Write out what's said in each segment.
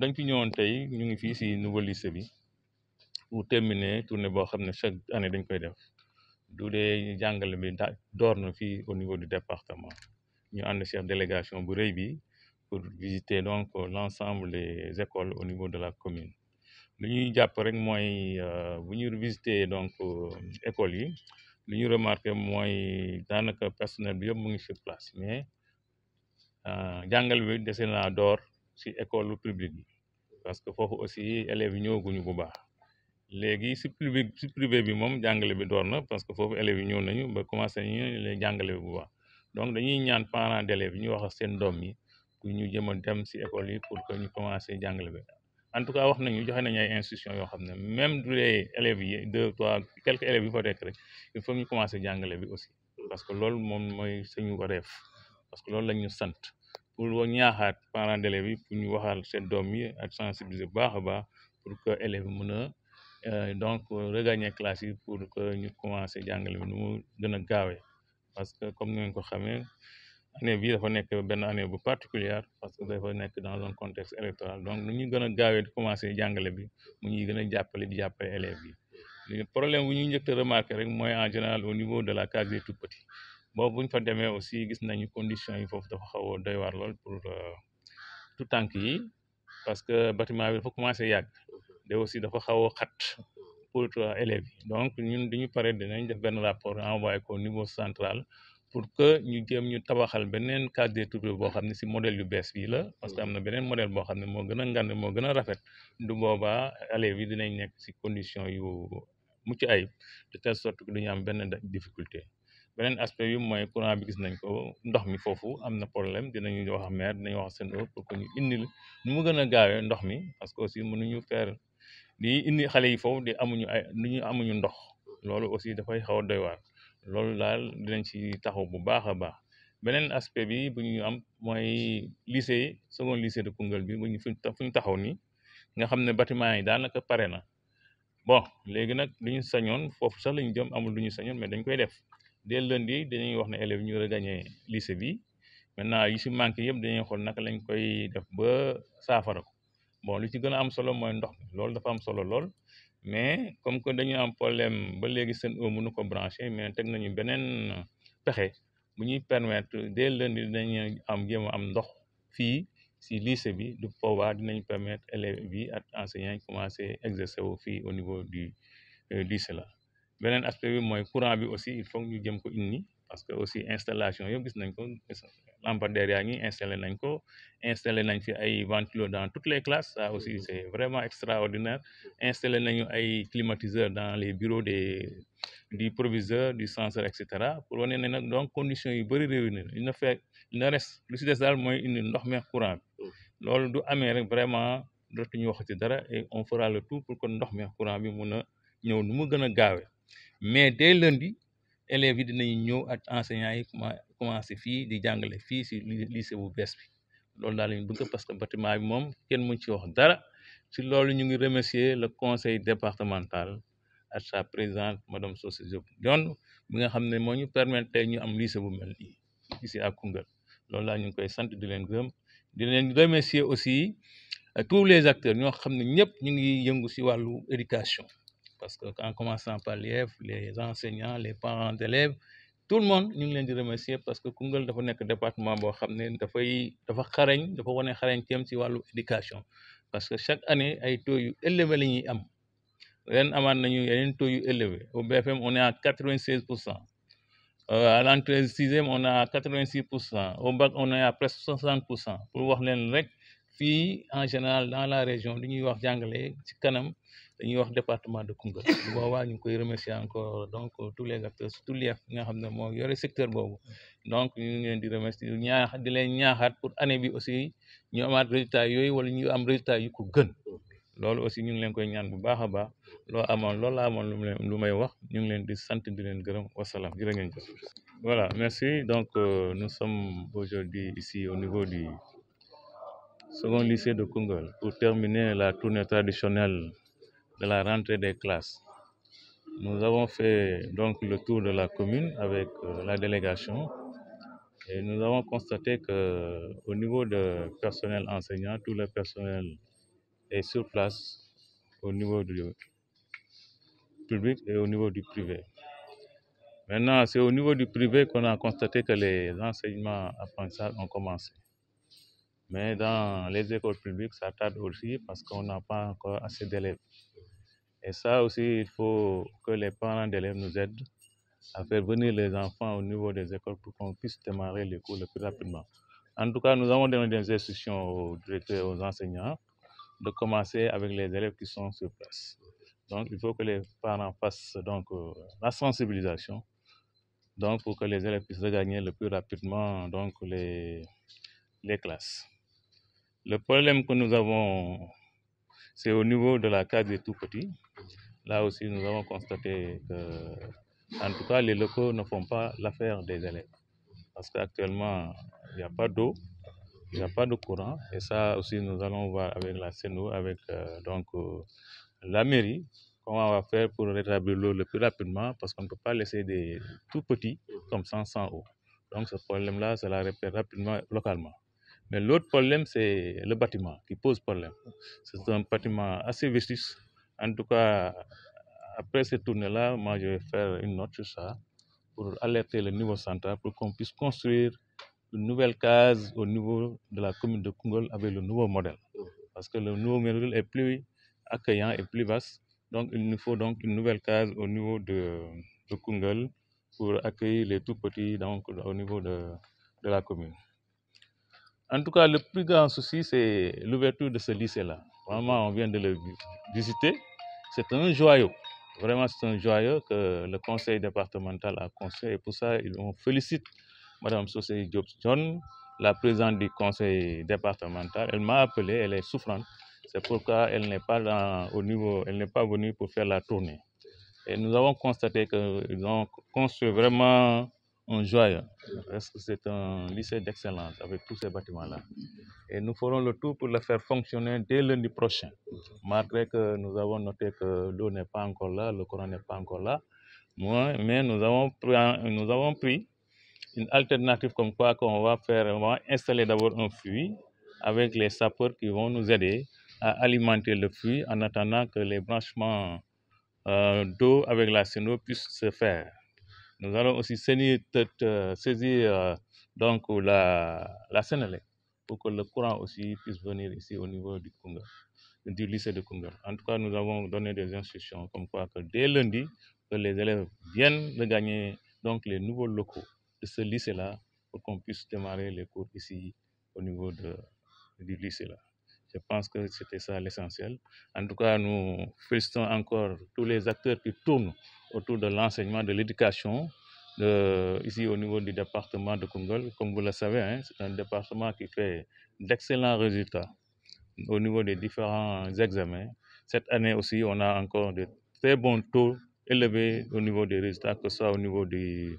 dañ fi ñëwoon tey ñu ngi fii si nouveau lycée bi pour terminer tournée boo xam ne chaque année dañ koy def du dee jàngale bi da door na fi au niveau du département ñu ànd si délégation bu rëy bi pour visiter donc l' ensemble des écoles au niveau de la commune lu ñuy jàpp rek mooy euh, bu ñu visiter donc euh, écoles yi lu ñu remarqué mooy daanaka personnel bi yëpp mu ngi sur place mais euh, jàngal bi dese naa door si école publique bi parce que foofu aussi élèves yi ñëwaguñu bu baax léegi si public si privé bi moom jàngale bi door na parce que foofu élèves yi ñëw nañu ba commencé nañu leen jàngale bi bu baax donc dañuy ñaan parents d'élèves yi ñu wax ak seen doom yi pour ñu jëm dem si école yi pour que ñu commencé jàngale bi en tout cas wax nañu joxe nañu ay institutions yoo xam ne même du yi deux trois quelques élèves yi fa nekk rek il ñu commencé jàngale bi aussi parce que loolu moom mooy suñu wareef parce que loolu lañ ñu sant pour ñaaxaat parents d'élèves yi pour ñu waxal seen doom yi ak sensibiliser bu baax a baax pour que élèves yi mën euh, donc regagner classe yi pour que ñu commencé jàngale bi nu mu gën a gaawee parce que comme ni ko xamee année bii dafa nekk benn année bu particulière parce que dafa nekk dans un contexte électoral donc nu ñu gën a gaawee di commencé jàngale bi mu ñuy gën a jàppale di jàppale élèves yi problème bu ñu njëkk a remarqué rek mooy en général au niveau de la case des tout petits boobu buñ fa demee aussi gis nañu conditions yi foofu dafa xaw doy waar lool pour euh, tout tànk yi parce que bâtiment bi foo commencé yàgg de aussi dafa xaw a xat pour euh, élèves yi donc ñun duñu pare dinañ def benn rapport envoyé ko niveau central pour que ñu jéem ñu tabaxal beneen case des boo xam ne si modèle yu bees bii la parce que am na beneen modèle boo xam ne moo gën a ngand moo gën a rafet du booba élèves yi dinañ nekk si condition yu mucc ay de telle sorte que am benn difficulté beneen aspect bi mooy courant bi gis nañ ko ndox mi foofu am na problème dinañu wax maire dinañ wax seen pour que ñu indil nu mu gën a gaawee ndox mi parce que aussi mënuñu feer di indi xale yi foofu di amuñu ay nu ñu amuñu ndox loolu aussi dafay xaw a doy waar loolu daal dinañ ci taxaw bu baax a baax beneen aspect bi buñu ñu am mooy lycée yi second lycée de Koungheul bi bu ñu fu ñu taxaw nii nga xam ne bâtiment yi daanaka pare na bon léegi nag lu ñu sañoon foofu sax la ñu jëm amul lu ñu sañoon mais dañ koy def dès lundi dañuy wax ne élèves ñu regagné lycée bi maintenant yi si manqué yëpp dañuy xool naka lañ koy def ba saafara ko lu ci gën a am solo mooy ndox mi loolu dafa am solo lool mais comme que dañu am problème ba léegi seen eau ko branché mais teg nañu beneen pexe bu ñuy permettre dès lundi dañu am jéem am ndox fii si lycée bi du pouvoir dinañ permettre élèves bi at enseignants yi commencé exercer wo fii au niveau du euh, lycée la beneen aspect bi mooy courant bi aussi il faut ñu jëm ko indi parce que aussi installation yëpp gis nañ ko lampadaire yaa ngi installé nañ ko installé nañ fi ay ventilo dans toutes les classes ça aussi c' est vraiment extraordinaire installé nañu ay climatiseur dans les bureaux des du proviseur du censeur et cetera pour wane ne nag donc conditions yu bëri réunir il ne fait il ne lu si des daal mooy indi ndox meex courant bi loolu du amee rek vraiment dootuñu waxati dara et tout pour que ndox meex courant bi mun a ñëw nu mu gën a gaawee mais dès lundi élèves yi dinañu ñëw ak enseignants yi commencé fii di jàngale fii si lycée bu bees bi loolu daal lañu bëgg parce que bâtiment bi moom kenn mën ci wax dara si loolu ñu ngi remercier le conseil départemental ak sa président madame Socé Diop Dione bi nga xam ne moo ñu permettre ñu am lycée bu mel nii ici à Koungheul loolu laa ñu ngi koy sant di leen gërëm di leen remercier aussi euh, tous les acteurs ñoo xam ne ñëpp ñu ngi yëngu si wàllu éducation parce que en commençant par l'IEF les enseignants les parents d'élèves tout le monde ñu ngi leen di remercier parce que Koungheul dafa nekk département boo xam ne dafay dafa xarañ dafa wane xarañteem ci wàllu éducation parce que chaque année ay taux yu élevé am ren amaat nañu yeneen taux yu élevé au BFM on est quatre-vingt-seize pour cent euh, à l'entrée sixième on est presque pour wax leen rek fii en général dans la région li ñuy wax jàngale ci kanam dañuy wax département de Koungheul bu boobaa ñu ngi koy remercier encore donc euh, tous les acteurs surtout lief nga xam ne moo yore secteur boobu donc ñu ngi di remercier ñaax di leen ñaaxaat pour année bi aussi ñu amaat résultat yooyu wala ñu am résultat yu ko gën loolu aussi ñu ngi leen koy ñaan bu baax a baax loo amoon loolu la amoon lu mu leen lu may wax ñu ngi leen di sant di leen gërëm wasalaam jërë ngeen jëf voilà merci donc euh, nous sommes aujourd'hui ici au niveau du second lycée de Koungheul pour terminer la tournée traditionnelle de la rentrée des classes. Nous avons fait donc le tour de la commune avec euh, la délégation et nous avons constaté que euh, au niveau de personnel enseignant, tout le personnel est sur place au niveau du public et au niveau du privé. Maintenant, c'est au niveau du privé qu'on a constaté que les enseignements apprentissages ont commencé. Mais dans les écoles publiques, ça tarde aussi parce qu'on n'a pas encore assez d'élèves. Et ça aussi, il faut que les parents d'élèves nous aident à faire venir les enfants au niveau des écoles pour qu'on puisse démarrer les cours le plus rapidement. En tout cas, nous avons donné des instructions aux directeurs et aux enseignants de commencer avec les élèves qui sont sur place. Donc, il faut que les parents fassent donc euh, la sensibilisation, donc pour que les élèves puissent regagner le plus rapidement donc les, les classes. Le problème que nous avons, c'est au niveau de la case Là aussi, nous avons constaté que, en tout cas, les locaux ne font pas l'affaire des élèves. Parce qu'actuellement, il n'y a pas d'eau, il n'y a pas de courant. Et ça aussi, nous allons voir avec la CNO, avec euh, donc, euh, la mairie, comment on va faire pour rétablir l'eau le plus rapidement, parce que ne peut pas laisser des tout petits comme ça sans eau. Donc ce problème-là, ça la répète rapidement localement. Mais l'autre problème, c'est le bâtiment qui pose problème. C'est un En tout cas, après cette tournée-là, moi, faire une note sur ça pour alerter le niveau central pour qu'on puisse construire une nouvelle case au niveau de la commune de Kungol avec le nouveau modèle. Parce que le nouveau modèle est plus accueillant et plus vaste. Donc, il nous faut donc une nouvelle case au niveau de, de Kungol pour accueillir les tout petits donc, au niveau de, de la commune. En tout cas, le plus grand souci, c'est l'ouverture de ce lycée-là. Vraiment, on vient de le visiter. C'est un joyau. Vraiment, c'est un que le conseil départemental a conseillé. Et pour ça, on félicite Madame Sosé Diop la présidente du conseil départemental. Elle m'a appelé, elle est souffrante. C'est pourquoi elle n'est pas dans, au niveau, elle n'est pas venue pour faire la tournée. Et nous avons constaté qu'ils ont construit vraiment un joyau. Parce que c'est un lycée d'excellence avec tous ces bâtiments-là. et nous ferons le tout pour le faire fonctionner dès lundi prochain. Malgré que nous avons noté que l'eau n'est pas encore là, le courant n'est pas encore là, mais nous avons pris, nous avons pris une alternative comme quoi qu'on va faire, on va installer d'abord un puits avec les sapeurs qui vont nous aider à alimenter le puits en attendant que les branchements euh, d'eau avec la Seno puissent se faire. Nous allons aussi saisir, euh, saisir euh, donc la, la Sénélec pour que le courant aussi puisse venir ici au niveau du Kunga, du lycée de Kunga. En tout cas, nous avons donné des instructions comme quoi que dès lundi, que les élèves viennent de gagner donc les nouveaux locaux de ce lycée-là pour qu'on puisse démarrer les cours ici au niveau de, du lycée-là. Je pense que c'était ça l'essentiel. En tout cas, nous félicitons encore tous les acteurs qui tournent autour de l'enseignement, de l'éducation, euh, ici au niveau du département de Kungol. Comme vous le savez, hein, c'est un département qui fait d'excellents résultats au niveau des différents examens. Cette année aussi, on a encore de très bons taux élevés au niveau des résultats, que ce soit au niveau du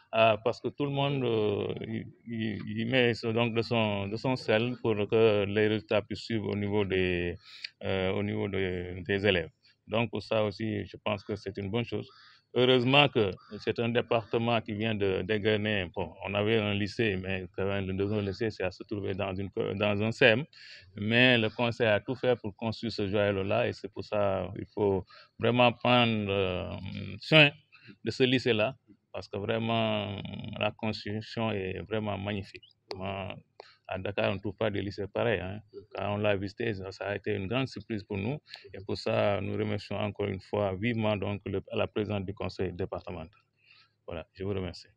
Euh, parce que tout le monde euh, y met donc de son de son sel pour que les résultats puissent suivre au niveau des euh, au niveau des, des élèves donc ça aussi je pense que c'est une bonne chose Heureusement que c'est un département qui vient de dégainer. Bon, on avait un lycée, mais le deuxième lycée, c'est à se trouver dans, une, dans un SEM. Mais le conseil a tout fait pour construire ce joyau-là et c'est pour ça qu'il faut vraiment prendre soin de ce lycée-là parce que vraiment, la construction est vraiment magnifique. Moi, à Dakar, on ne trouve pas de lycée pareil. Mmh. Quand on l'a visité, ça, ça, a été une grande surprise pour nous. Mmh. Et pour ça, nous remercions encore une fois vivement donc, le, la présence du conseil départemental. Voilà, je vous remercie.